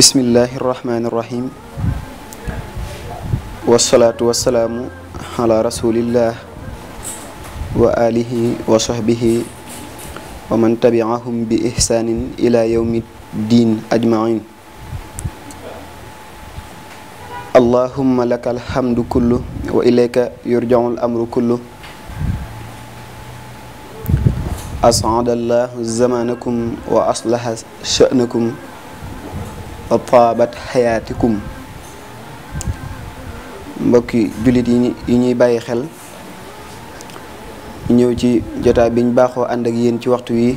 bismillahi irrahmani irrahim wasalaatu wasalaamu ala rasulillah wa alihi wa sahbihi wa man tabiahum bi ihsaanin ila yawmi diin ajmain allahumma laka alhamdu kullu wa ilayka yurjaul amru kullu as'adallahu zamanakum wa aslaha sha'nakum wa taabat xayaatikum mbokki jullit yi ñuy bàyyi xel ñëw ci jotaay bi ñu baaxoo ànd ak yéen ci waxtu yi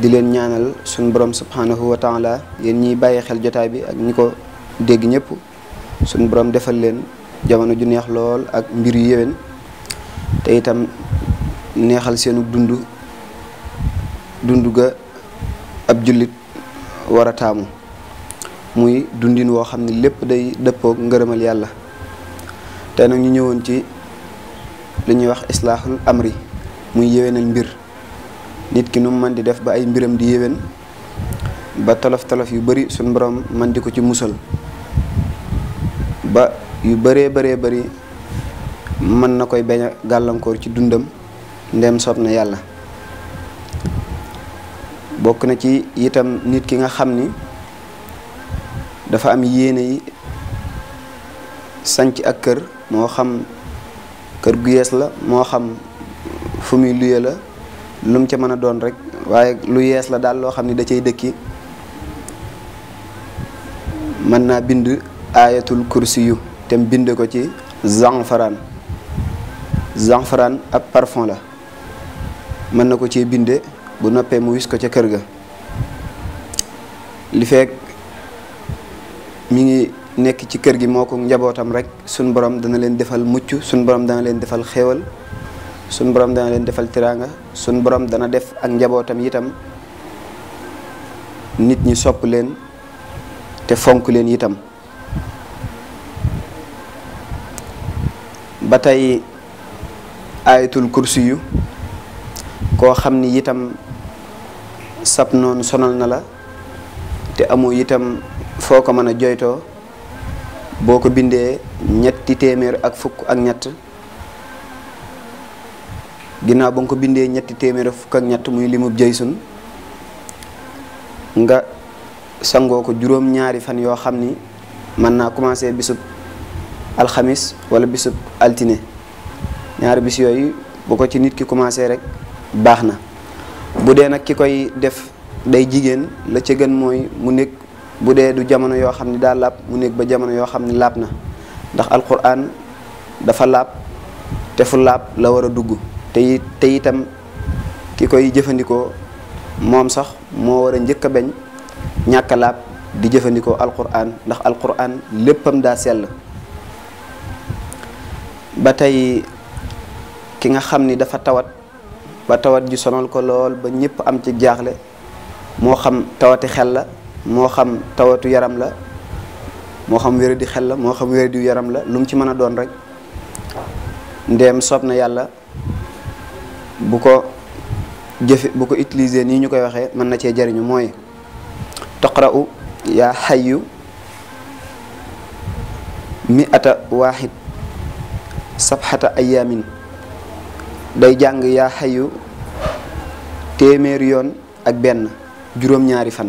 di leen ñaanal suñu boroom subhanahu wa taala yéen ñuy bàyyi xel jotaay bi ak ñi ko dégg ñépp suñu borom defal leen jamono ju neex lool ak mbir yu yéwén te itam neexal seenu dund dund ga ab jullit war a taamu muy dundin woo xam ne lépp day dëppoog ngërëmal yàlla te nag ñu ñëwoon ci li ñuy wax islaaxul amri muy yéwénal mbir nit ki nu mu mën di def ba ay mbiram di yéwén ba tolof tolof yu bari suñ borom man di ko ci musal ba yu bëree bëree bari mën na koy bañ gàllankoor ci dundam ndem soob na yàlla bokk na ci itam nit ki nga xam ni dafa am yéene yi sanc ak kër moo xam kër gu yees la moo xam fu muy luye la lu mu ca mën a doon rekk waaye lu yees la daal loo xam ni da cay dëkki mën naa bind aayatul kursi yu te mu bind ko ci zanfaraan zanfaraan ab parfon la mën na ko cee binde bu noppee mu wis ko ca kër ga li fekk mi ngi nekk ci kër gi moo ko njabootam rekk suñ borom dana leen defal mucc suñ borom dana leen defal xéewal suñ borom dana leen defal tiraanga suñ boroom dana def ak njabootam itam nit ñi sopp leen te fonk leen itam ba tey ayatul kursi yu koo xam ni itam sab noonu sonal na la te amoo itam foo ko mën a joytoo boo ko bindee ñetti téeméer ak fukk ak ñett ginnaaw ba nga ko bindee ñetti téeméer ak fukk ak ñett muy limub jëysun nga sangoo ko juróom-ñaari fan yoo xam ni mën naa commencé bisub alxamis wala bisub altine ñaari bis yooyu boo ko ci nit ki commencé rek baax na bu dee nag ki koy def day jigéen la ca gën mooy mu nekk bu dee du jamono yoo xam ne daa laab mu nekk ba jamono yoo xam ne laab na ndax alquran dafa laab te fu laab la war a dugg te te itam ki koy jëfandikoo moom sax moo war a njëkk a beñ ñàkk a di jëfandikoo alquran ndax alquran léppam daa sell ba tey ki nga xam ni dafa tawat ba tawat ji sonal ko lool ba ñëpp am ci jaaxle moo xam tawati xel la moo xam tawatu yaram la moo xam wéradi xel la moo xam wéradi yaram la lu ci mën a doon rek ndeem soob na yàlla bu ko jëfe bu ko utiliser nii ñu koy waxee mën na cee jariñu mooy taqra'u yaa xayu mi ata waaxid ay ayaamin day jàng yaa xayu téeméeri yoon ak benn juróom-ñaari fan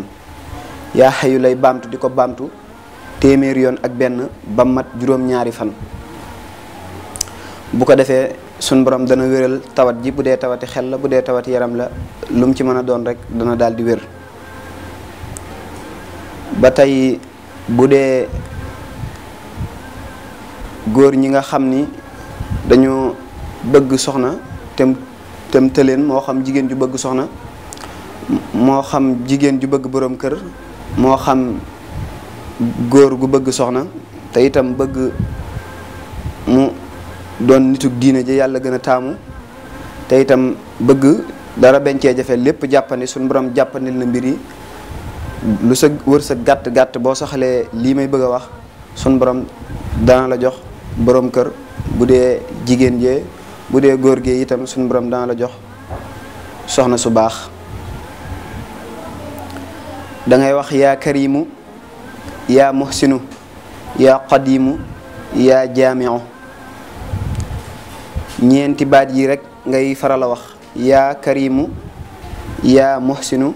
yaa xayu lay baamtu di ko baamtu téeméeri yoon ak benn ba mat juróom-ñaari fan bu ko defee sun borom dana wéral tawat ji bu dee tawati xel la bu dee tawat yaram la lum ci mën a doon rek dana daal di wér ba tey bu dee góor ñi nga xam ni dañu bëgg soxna tem temte leen moo xam jigéen ju bëgg soxna moo xam jigéen ju bëgg boroom kër moo xam góor gu bëgg soxna te itam bëgg mu doon nitug diine ji yàlla gën a taamu te itam bëgg dara bencee jafe lépp jàppandi suñ borom jàppandil na mbir yi lu sa wër sa gàtt gàtt boo soxalee lii may bëgg a wax suñ borom dana la jox boroom kër bu dee jigéen jee bu dee góor gi itam suñu borom dana la jox soxna su baax dangay wax yaa karimu yaa muhsinu yaa qadimu yaa jaamiu ñeenti baat yi rek ngay faral a wax yaa karimu yaa muhsinu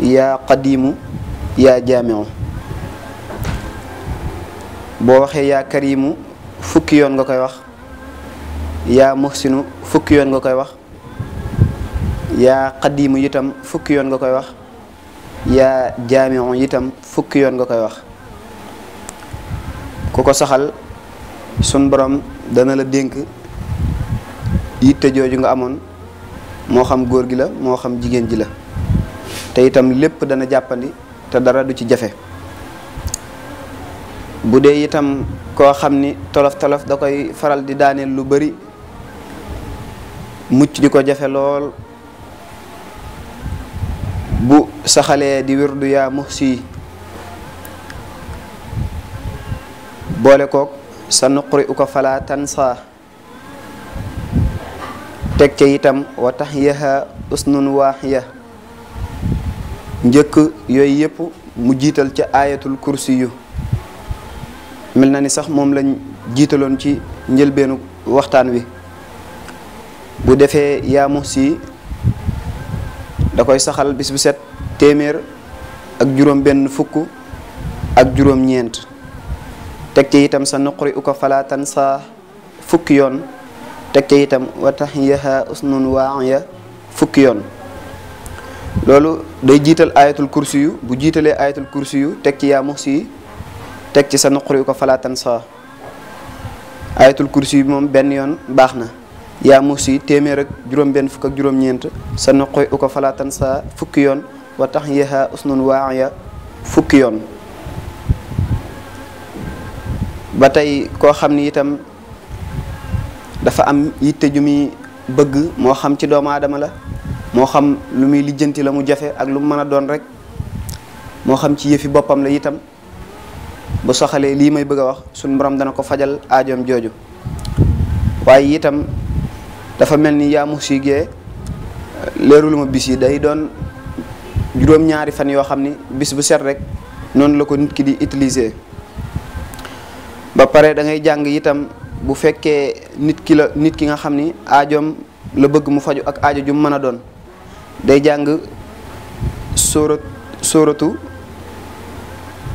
yaa qadimu boo waxee yaa karimu fukki yoon nga koy wax yaa muhsinu fukki yoon nga koy wax yaa qadimu itam fukki yoon nga koy wax yaa jaamiu itam fukki yoon nga koy wax ku ko saxal sun borom dana la dénk yitte jooju nga amoon moo xam góor gi la moo xam jigéen ji la te itam lépp dana jàppandi te dara du ci jafe bu dee itam koo xam ni tolof tolof da koy faral di daaneel lu bari mucc di ko jafe lool bu saxalee di wirdu yaa muhsi boole koog sa nuqri uka fala tansa teg ca itam wa tax yaha waax ya njëkk yooyu yépp mu jiital ca aayatul kursi yu mel na ni sax moom lañ jiitaloon ci njëlbeenu waxtaan wi bu defee yaa muhsi da koy saxal bis set téeméer ak juróom benn fukk ak juróom ñeent teg ci itam sa nuqri uka fala tansa fukki yoon teg ci itam wa tahiyaha usnun waaya fukki yoon loolu day jiital ayatul kursi yu bu jiitalee ayatul kursi yu teg ci yaa muhsi teg ci sa nuqri uka fala tansa ayatul kursi yu moom benn yoon baax na yaa muus yi téeméer ak juróom-benn fukk ak juróom-ñeent sa noqoy uko falaatan sa fukki yoon wa tax yeexa usnun waaxya fukki yoon ba tey koo xam ni itam dafa am yitte ju muy bëgg moo xam ci doomu aadama la moo xam lu muy lijjanti la mu jafe ak lu mu mën a doon rek moo xam ci yëfi boppam la itam bu soxalee lii may bëgg a wax suñ borom dana ko fajal aajoom jooju waaye itam dafa mel ni yaa musi gee leerul ma bis yi day doon juróom-ñaari fan yoo xam ni bis bu set rek noonu la ko nit ki di utiliser ba pare da ngay jàng itam bu fekkee nit ki la nit ki nga xam ni aajoom la bëgg mu faju ak aajo ju mën a doon day jàng sóorat sóoratu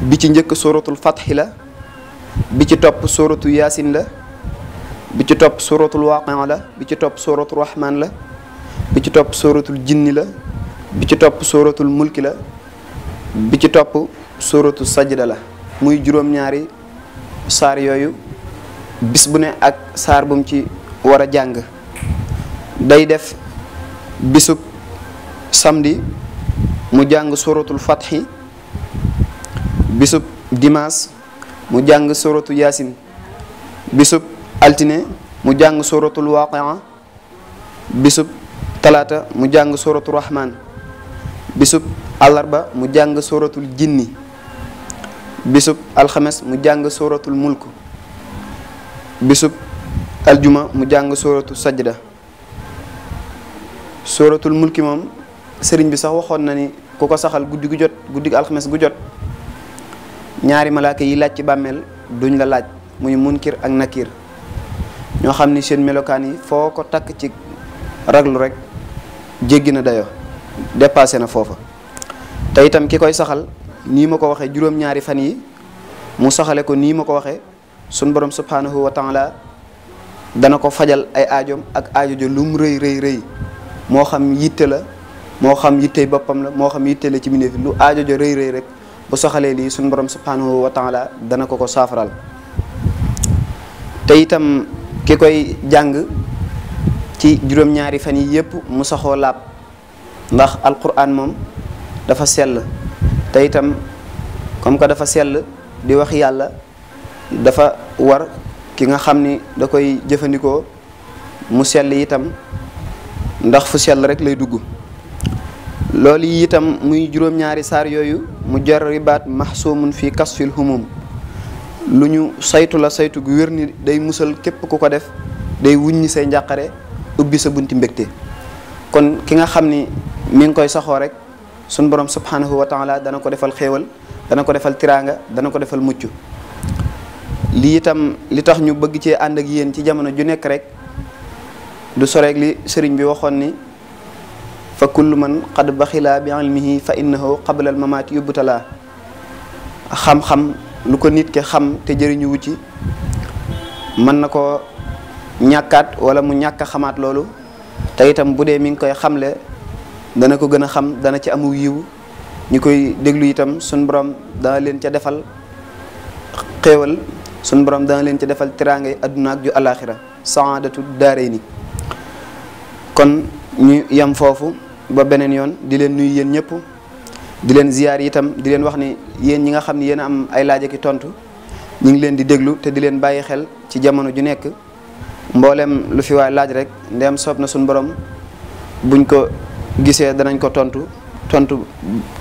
bi ci njëkk sóoratul fatxi la bi ci topp sóoratu yaasin la bi ci topp suratul waaqia la bi ci topp suratul rahman la bi ci topp suratul jinni la bi ci topp suratul mulki la bi ci topp suratul sajda la muy juróom-ñaari saar yooyu bis bu ne ak saar bu mu ci war a jàng day def bisub samedi mu jàng suratul fatxi bisub dimaas mu jàng suratu yaasin bisub altine mu jàng suratul waaqia bisub talaata mu jàng suratul rahman bisub àllarba mu jàng suratul jinni bisub alxames mu jàng suratul mulk bisub aljuma mu jàng sooratul sajda suratul mulki moom sëriñ bi sax waxoon na ni ku ko saxal guddi gu jot guddi gu gu jot ñaari malaaka yi laaj ci bàmmeel duñ la laaj muy munkir ak nakiir ñoo xam ni seen melokaan yi foo ko takk ci raglu rek jéggi na dayo dépassé na foofa te itam ki koy saxal nii ma ko waxee juróom-ñaari fan yi mu saxale ko nii ma ko waxee sun borom subhanahu wa taala dana ko fajal ay aajoom ak aajo jo lu mu rëy rëy rëy moo xam yitte la moo xam yittey boppam la moo xam yitte la ci mbindeef lu aajo jo rëy rëy rek bu soxalee lii sun borom subhanahu wa taala dana ko ko saafaral te itam ki koy jàng ci juróom-ñaari fan yi yëpp mu saxoo làpp ndax alquran moom dafa sell te itam comme que dafa sell di wax yàlla dafa war ki nga xam ni da koy jëfandikoo mu sell itam ndax fu sell rek lay dugg loolu itam muy juróom-ñaari saar yooyu mu jar ribaat maxsuumun fi kasfil humum lu ñu saytu la saytu gu wér ni day musal képp ku ko def day wuññi say njàqare ubbi sa bunti mbégte kon ki nga xam ni mi ngi koy saxoo rek sun borom subhanahu wa dana ko defal xéewal dana ko defal tiraanga dana ko defal mucc lii itam li tax ñu bëgg cee ànd ak yéen ci jamono ju nekk rek du soreeg li sëriñ bi waxoon ni fa kullu man qad baxila bi ilmihi fa innahu qabla al mamaati yubtala xam-xam lu ko nit ki xam te jëriñuwu ci mën na ko ñàkkaat wala mu ñàkk xamaat loolu te itam bu dee mi ngi koy xamle dana ko gën a xam dana ci amu yiw ñu koy déglu itam suñ borom dana leen ca defal xéewal suñ borom dana leen ca defal tiraangay adduna ak ju alaxira saadatu daaray ni kon ñu yam foofu ba beneen yoon di leen nuyu yéen ñëpp di leen ziyaar itam di leen wax ni yéen ñi nga xam ni yéen am ay laaj ak i tontu ñu ngi leen di déglu te di leen bàyyi xel ci jamono ju nekk mboolem lu fi waay laaj rek ndem soob na suñu borom buñ ko gisee danañ ko tontu tontu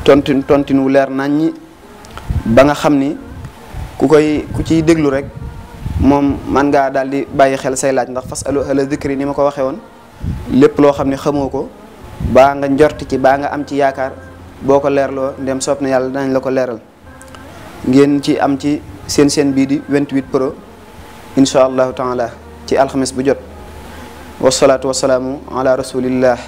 tontu tontin wu leer naññi ba nga xam ni ku koy ku ciy déglu rek moom man ngaa daal di bàyyi xel say laaj ndax fas alu ala dikri ni ma ko waxee woon lépp loo xam ni xamoo ko baa nga njort ci baa nga am ci yaakaar. boo ko leerloo ndem soob na yàlla nañ la ko leeral ngeen ci am ci seen seen bii di 28 pro incha allahu taala ci alxames bu jot wasalaatu wasalaamu ala rasulillah